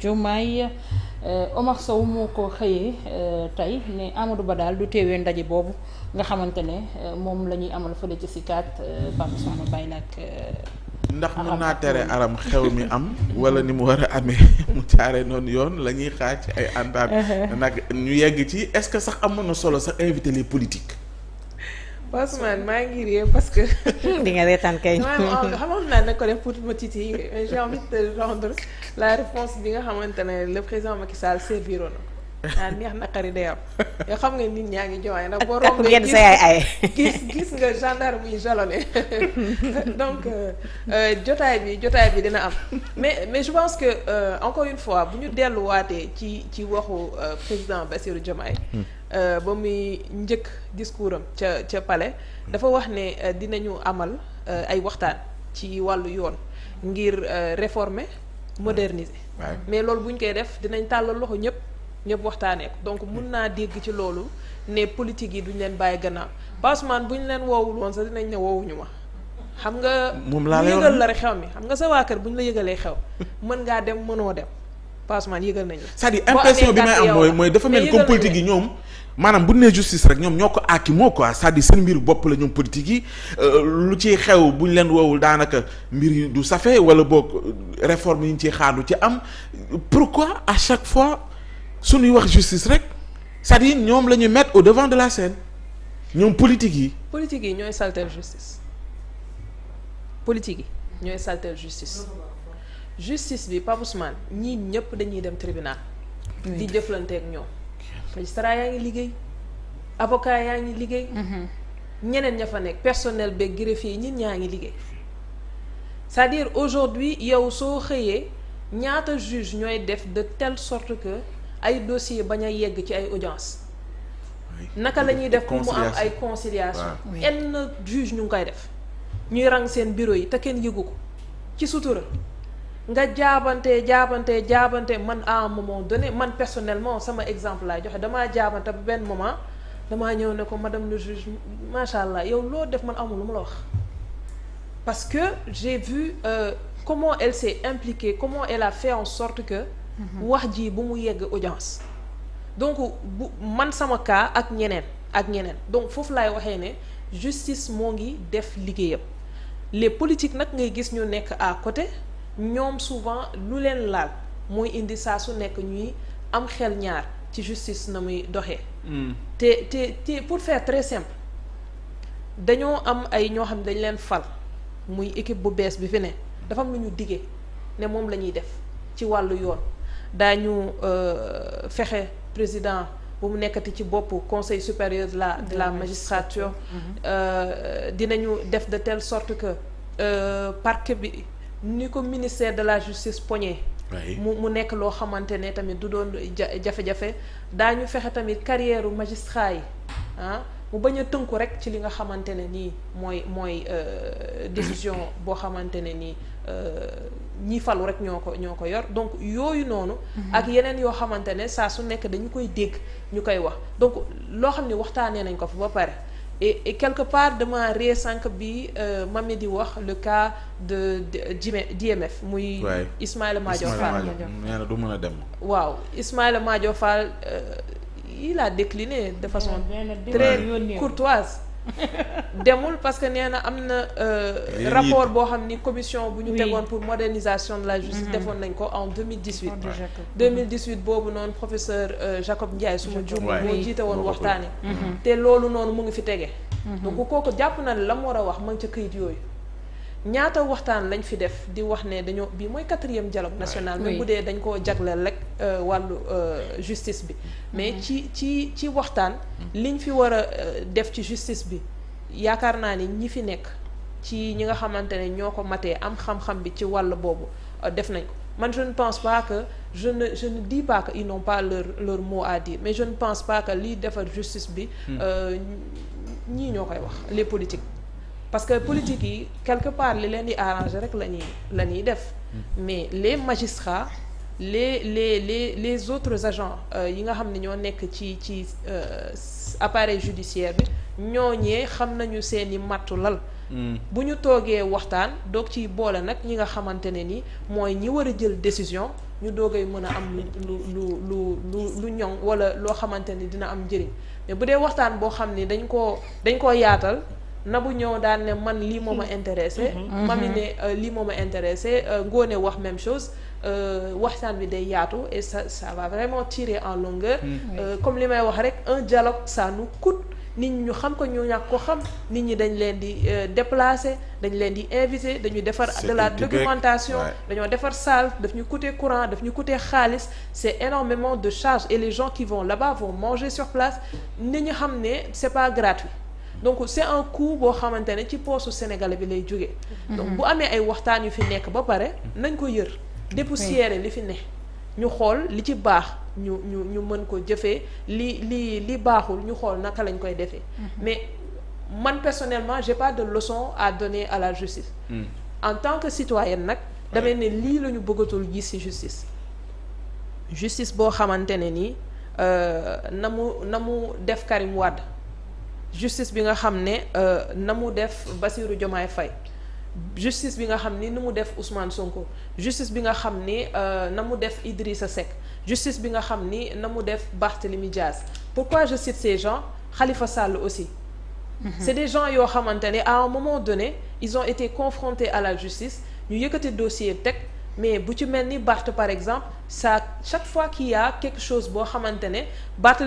Diomaye eh, Omar Sow moo ko xëyee eh, tey ne Amadou Ba daal du teewee ndaje boobu nga xamante ne eh, moom la ñuy amal fële ci CICAD Pape Ousmane Baye nag ndax mën naa tere aram xew mi am wala ni mu war a amee mu jaare noonu yoon la ñuy xaaj ay àndaat nag ñu yegg ci est-ce que sax amoon na solo sax invité les politiques Ousmane maa ngi ree parce que. di nga reetaan kay. Oh, xamoon naa na ko def pour ma titi mais j'ai envie de rendre la réponse bi nga xamante ne le président Macky Sall serviroon na Ah, neex naqari day am yoo xam nga nit ñaa ngi jooy ndax boo rombee gis ay gis gis nga gendarme yi jalone donc euh, euh, jotaay bi jotaay bi dina am mais mais je pense que euh, encore une fois bu ñu delluwaatee ci ci waxu euh, président Bassirou Diomaye hmm. ba muy njëkk discours am ca ca dafa wax ne dina dinañu amal ay waxtaan ci wàllu yoon ngir réformer moderniser mais loolu bu ñu koy def dinañ tàllal loxo ñëpp ñëpp waxtaanee ko donc mun naa dégg ci loolu ne politique yi duñu leen bàyyi gannaaw Passemane bu ñu leen woowul woon sax dinañ ne woowuñu ma. xam nga moom laa lay yëgal la rek xew mi xam nga sa waa kër bu ñu la yëgalee xew mën ngaa dem mënoo dem Passemane yëgal nañ la. c'est-à-dire impression bi may am mooy mooy dafa mel comme politique yi ñoom. maanaam bu nee justice rek ñoom ñoo ko aaki moo quoi cest à seen mbir bopp la ñoom politique yi euh, lu ci xew bu ñu leen woowul daanaka mbir yi du safe wala boog réforme yi ñu ciy xaar ci am pourquoi à chaque fois. suñuy wax justice rek c'est-à-dire ñoom la ñuy mettre au devant de la scène ñoom politique yi. politique yi ñooy saltel justice politique yi ñooy saltel justice justice bi Pape Ousmane ñii ñëpp dañuy dem tribunal. di jëflante ak ñoom. magistrat yaa ngi liggéey avocat yaa ngi liggéey. Mhm. ñeneen ña fa nekk personnel beeg greffier ñin ñaa ngi liggéey c'est-à-dire aujourd'hui yow soo xëyee ñaata juge ñooy def de telle sorte que. ay dossier bañ a yegg ci ay audience naka la ñuy def pour mu am ay conciliation enn juge ñu ngi koy def ñuy rang seen bureau yi te kenn yëgu ko ci sutura nga jaabante jaabante jaabante man à un moment man personnellement sama exemple laay joxe damaa jaabante ba benn moment damaa ñëw ne ko madame le juge macha allah yow loo def man amul lu ma la wax parce que j'ai vu euh, comment elle s'est impliquée comment elle a fait en sorte que wax jii bu mu yegg audience donc bu man sama cas ak ñeneen ak ñeneen donc foofu laay waxee ne justice moo ngi def liggéeyam les politiques nag ngay gis ñu nekk à côté ñoom souvent lu leen laal mooy indi saa su nekk ñuy am xel ñaar ci justice na muy doxee mm. te te te pour faire très simple dañoo am ay ñoo xam ne dañ leen fal muy équipe bu bees bi fi ne dafa am lu ñu diggee ne moom la ñuy def ci wàllu yoon daañu euh, fexe président bu mu nekkati ci bopp conseil supérieur de la de la magistrature mhm. euh, dinañu def de telle sorte que euh, parquet bi ni ko ministère de la justice poñe mu nekk loo xamante ne tamit du doon jafe-jafe daañu fexe tamit carrière u magistrat yi ah, mu bañ a tënku rek ci li nga xamante ne nii mooy mooy décision boo xamante ne nii ñi falu rek ñoo ko ñoo ko yor donc yooyu noonu mhm. ak yeneen yoo xamante ne saa su nekk dañu koy dégg ñu koy wax donc loo xam ne waxtaanee nañ ko fa ba pare quelque part dama ree sànq bi euh, mi di wax le cas de d'IMF e, muy Ismaïla Madior Fall nee du mën a dem waaw Ismaïla Madior Fall euh, il a décliné de façon très courtoise demul parce que nee na am na euh, rapport boo xam ni commission bu ñu tegoon pour modernisation de la justice mm-hmm. defoon nañ ko en 2018 2018 boobu noonu professeur euh, Jacob Ndiaye suma juum moo jiite woon waxtaane mm-hmm. te loolu noonu mu ngi fi tege mm-hmm. donc kooku jàpp na la mu war a wax ma ngi ca këyit yooyu ñaata waxtaan lañ fi def di wax ne dañoo bii mooy quatrième dialogue national même bu dee dañ koo jagleel rek euh, wàllu euh, justice bi mm-hmm. mais ci ci ci waxtaan mm-hmm. li ñu fi war a euh, def ci justice bi yaakaar naa ni ñi fi nekk ci ñi nga xamante ne ñoo ko matee am xam-xam bi ci wàll boobu def nañ ko man je ne pense pas jeune je ne je ne dis pas que ils leur mot à dire mais je pense pas que liy defar justice bi mm. ñii ñoo koy wax les politiques parce que politique yi quelque part li leen di arrangé rek la ñuy la ñuy def hmm. mais les magistrats les les les les autres agents euh, yi nga xam ne ñoo nekk ci ci euh, appareil judiciaire bi ñooñee xam nañu seeni mattu lal hmm. bu ñu toogee waxtaan doog ciy boole nag ñi nga xamante ne ni mooy ñi war a jël décision ñu doogay mën a am lu lu lu lu lu ñoŋ wala loo xamante ni dina am njëriñ mais bu dee waxtaan boo xam ni dañ ko dañ koo yaatal Nabou ñëw daan ne man lii moo ma intéressé mhm. Mhm. mami ne euh, lii moom a intéressé euh, Ngoné wax même chose euh, waxtaan bi day yaatu et ça ça vraiment tirer en longueur mhm. comme li may wax rek un dialogue ça nous nit ñu xam ko ñu ñàkk ko xam nit ñi dañ leen di déplacer dañ leen di invité dañu defar de la documentation dañoo defar salle daf ñu coûter courant daf ñu coûter xaalis c'est énormément de charges et les gens qui vont là-bas vont manger sur place nit ñi xam ne c'est pas donc c'est un coût boo xamante ne ci poosu sénégalais bi lay jóge mhm. donc bu amee ay waxtaan yu fi nekk ba pare mhm. nañ ko yër dépoussiérer li fi ne ñu xool li ci baax ñu ñu ñu mën ko jëfee li li li baaxul ñu xool naka lañ koy defee mhm. mais man personnellement j'ai pas de leçon à donner à la justice mm. en tant que citoyenne nag damay ne lii la ñu bëggatul gis ci justice justice boo xamante ne nii euh, na mu na mu def Karim wàdd justice bi nga xam ne euh, na mu def Bassirou Diomaye fay justice bi nga xam ni na mu def Ousmane Sonko justice bi nga xam ni euh, na mu def Idrissa Seck justice bi nga xam ni na mu def Barthélemy Diaz pourquoi je cite ces gens Khalifa Sall aussi mhm. c'est des gens yoo xamante ne à un moment donné ils ont été confrontés à la justice ñu yëkkati dossier teg mais bu ci mel ni Barth par exemple sa chaque fois kii y a chose boo xamante ne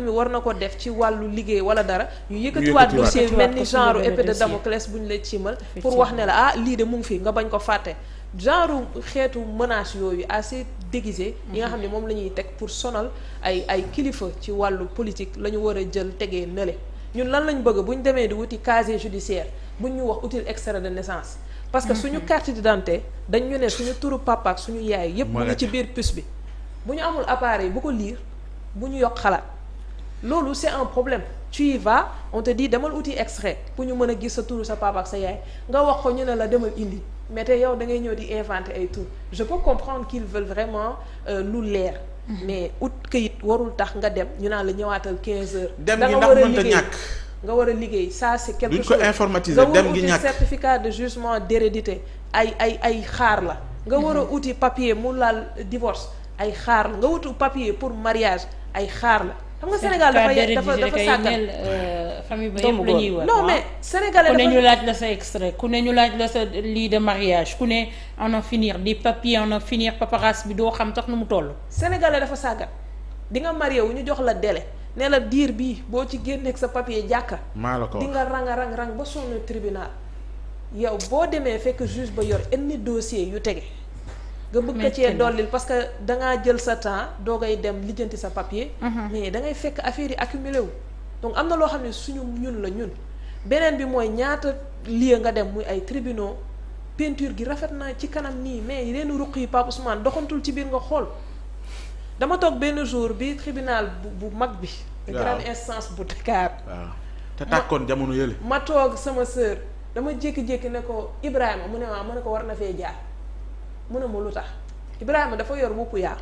mu war na ko def ci wàllu liggéey wala dara ñu yëkkatiwaat dossier mel ni genre épée de Damoclès bu ñu la ciimal pour wax ne la ah lii de mu fii nga bañ ko fàtte genre xeetu menace yooyu assez déguisé yi nga xam ne mhm. moom la ñuy teg pour sonal ay ay kilifa ci wàllu politique la ñu war a jël tegee nële ñun lan lañu bëgg bu ñu demee di wuti casier judiciaire buñ ñu wax util extrait de naissance parce que mhm. suñu carte d'identité dañ ñu ne suñu turu papa suñu yaay yépp mu ngi ci biir puce bi bu ñu amul appareil bu ko liir bu ñu yokk xalaat loolu c'est un problème tu y vas on te dit demal outil extrait pour ñu mën a gis sa turu sa papa sa yaay nga wax ko ñu ne la demal indi mais te yow da ngay ñëw di inventer ay tur je peux comprendre qu'ils veulent vraiment euh, lu leer mhm. mais ut kayit warul tax nga dem ñu naan la ñëwaatal 15 heures. dem gi ndax nga war a liggéey saa c'est quelque chose duñ ko informatiser dem gi ñàkk certificat de jugement d'hérédité ay ay xaar la nga war a mhm. uti papier mu laal divorce ay xaar la nga wutu papier pour mariage ay xaar la xam nga Sénégal dafa dafa dafa sàggan euh, famille la ñuy war non mais ah. ku ne ñu laaj la sa extrait ku ne ñu laaj la sa lii de mariage ku ne en a finir di papier en a finir paperasse bi doo xam tax nu mu toll sénégalais dafa sàggan di nga marié wu ñu jox la dele ne la diir bi boo ci génneek sa papier jàkka. maa la ran di nga rang ba sonn tribunal yow boo demee fekk juge ba yor enni dossier yu tege. nga bëgg ko cee dollil parce que dangaa jël sa temps doo ngay dem lijjanti sa papier. Mhm. mais da fekk affaire yi accumulé wu. donc am na loo xam ne suñu ñun la ñun beneen bi mooy ñaata lieu nga dem muy ay tribunaux peinture gi rafet naa ci kanam nii mais yeneen ruq yi Pape Ousmane doxantul ci biir nga xool. dama toog benn jour bi tribunal bu bu mag bi. grande instance bu Dakar. te tàkkoon jamono yële. ma toog sama sœur dama jékki-jékki ne ko Ibrahima mu ne ma ma ne ko war na fee jaar mu ne ma lu tax Ibrahima dafa yor wuppu yaa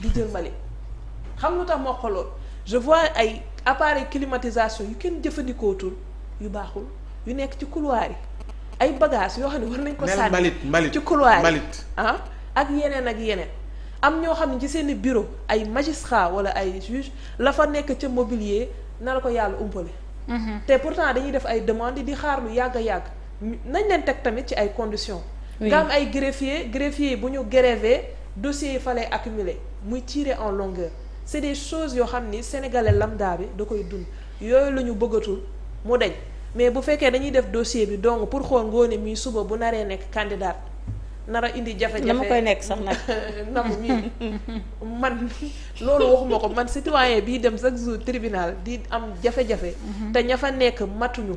di jël mbalit xam lu tax ma xoloon je vois ay appareil climatisation yu kenn jëfandikootul yu baaxul yu nekk ci couloir yi ay bagages yoo xam ne war nañ ko. sànni mbalit mbalit ci couloir yi ah ak yeneen ak yeneen. am ñoo xam ne ci seen i bureau ay magistrat wala ay juge la fa nekk ca mobilier na la ko yàlla umpale mhm. te pourtant dañuy def ay demandes di xaar lu yàgg a yàgg nañ leen teg tamit ci ay conditions nga am ay greffier greffier bu ñu grévé dossiers yi fa lay accumulé muy tiré en longueur c'est des choses yoo xam ni sénégalais lambda bi da koy dund yooyu la ñu bëggatul mu deñ mais bu fekkee dañuy def dossier bi donc pour xool ngoone mii suba bu naree nekk candidat nara indi jafe-jafe dama nekk sax nag nam mii man loolu waxuma ko man citoyen bii dem chaque jour tribunal di am jafe-jafe mhm. te ña fa nekk matuñu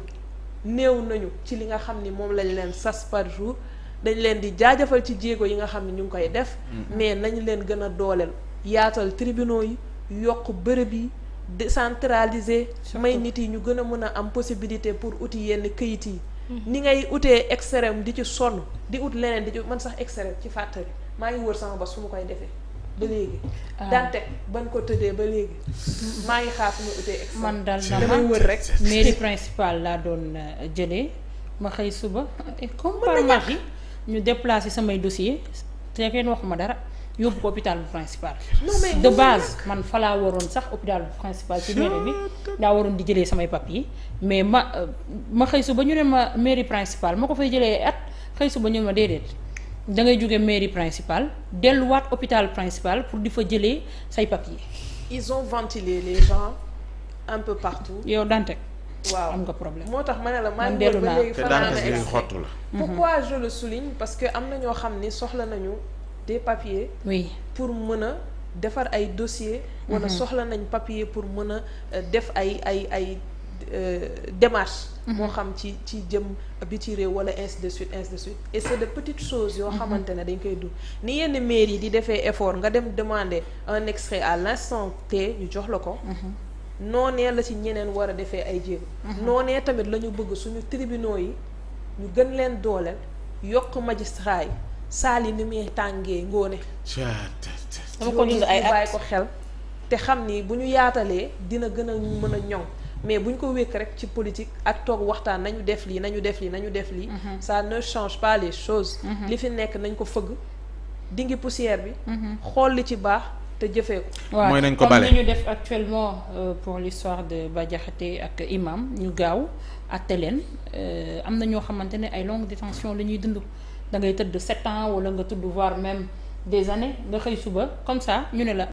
néew nañu ci li nga xam ni moom lañ leen sas par jour dañ leen di jaajëfal ci jéego yi nga xam ne ñu ngi koy def mhm. mais nañ leen gën a dooleel yaatal tribunaux yi yokk bërëb yi décentraliser may nit yi ñu gën a mën a am possibilité pour uti yenn këyit yi ni ngay utee extrême di ci sonn di ut leneen di ci man sax extrême ci fàttali maa ngi wër sama bos fu mu koy defee ba léegi. Ah. daan teg ban ko tëddee ba léegi. Mm-hmm. maa ngi xaar su ma utee extrême man dal na damay wër rek. mairie principale laa doon euh, jëlee ma xëy suba. comme par magie ñu déplacé samay dossier te kenn waxuma dara. yóbbu ko hôpital principal. non mais de base man fa laa waroon sax hôpital principal ci mairie bi daa waroon di jëlee samay papiers mais ma euh, ma xëy su ba ñu ne ma mairie principal moo ko fay jëlee at xëy su ba ñu ne ma déedéet da ngay jóge mairie principal delluwaat hôpital principal pour di fa jëlee say papiers. ils ont ventilé les gens un peu partout. yow Dantec. waaw am nga problème moo tax ma ne la maa ngi ba léegi. te Dantec xottu la. Mhm. pourquoi je le souligne parce que am na ñoo xam ni soxla nañu. des papiers. oui pour mën a defar ay dossier wala mhm. soxla nañ papier pour mën a euh, def ay ay ay. Euh, démarche mhm. moo xam ci ci jëm bi ci réew wala ainsi de suite ainsi de suite et de petites choses yoo mhm. xamante ne dañ koy dund ni yenn maire yi di defee effort nga dem demander un extrait à l'instant T ñu jox la ko noonee la ci ñeneen war a defee ay jéego noonee tamit la ñu bëgg suñu tribunaux yi ñu gën leen dooleel yokk magistrat yi saal yi ni muy tàngee ngóone dama ko dund ay bàyyi ko xel te xam ni bu ñu yaatalee dina gën a mën a ñoŋ mais bu ñu ko wékk rek ci politique ak toog waxtaan nañu def lii nañu def lii nañu def lii mm-hmm. ça ne change pas les choses mm-hmm. li fi nekk nañ ko fëgg dingi poussière bi mm-hmm. xool li ci baax te jëfee ko mooy nañ ko bale comme ñu def actuellement euh, pour l'histoire de Bah Diakhaté ak imam ñu gaaw àtte leen euh, am na ñoo xamante ne ay longue détention la ñuy dund da ngay tëdd sept ans wala nga tudd voir même des années nga xëy suba comme ça ñu ne la.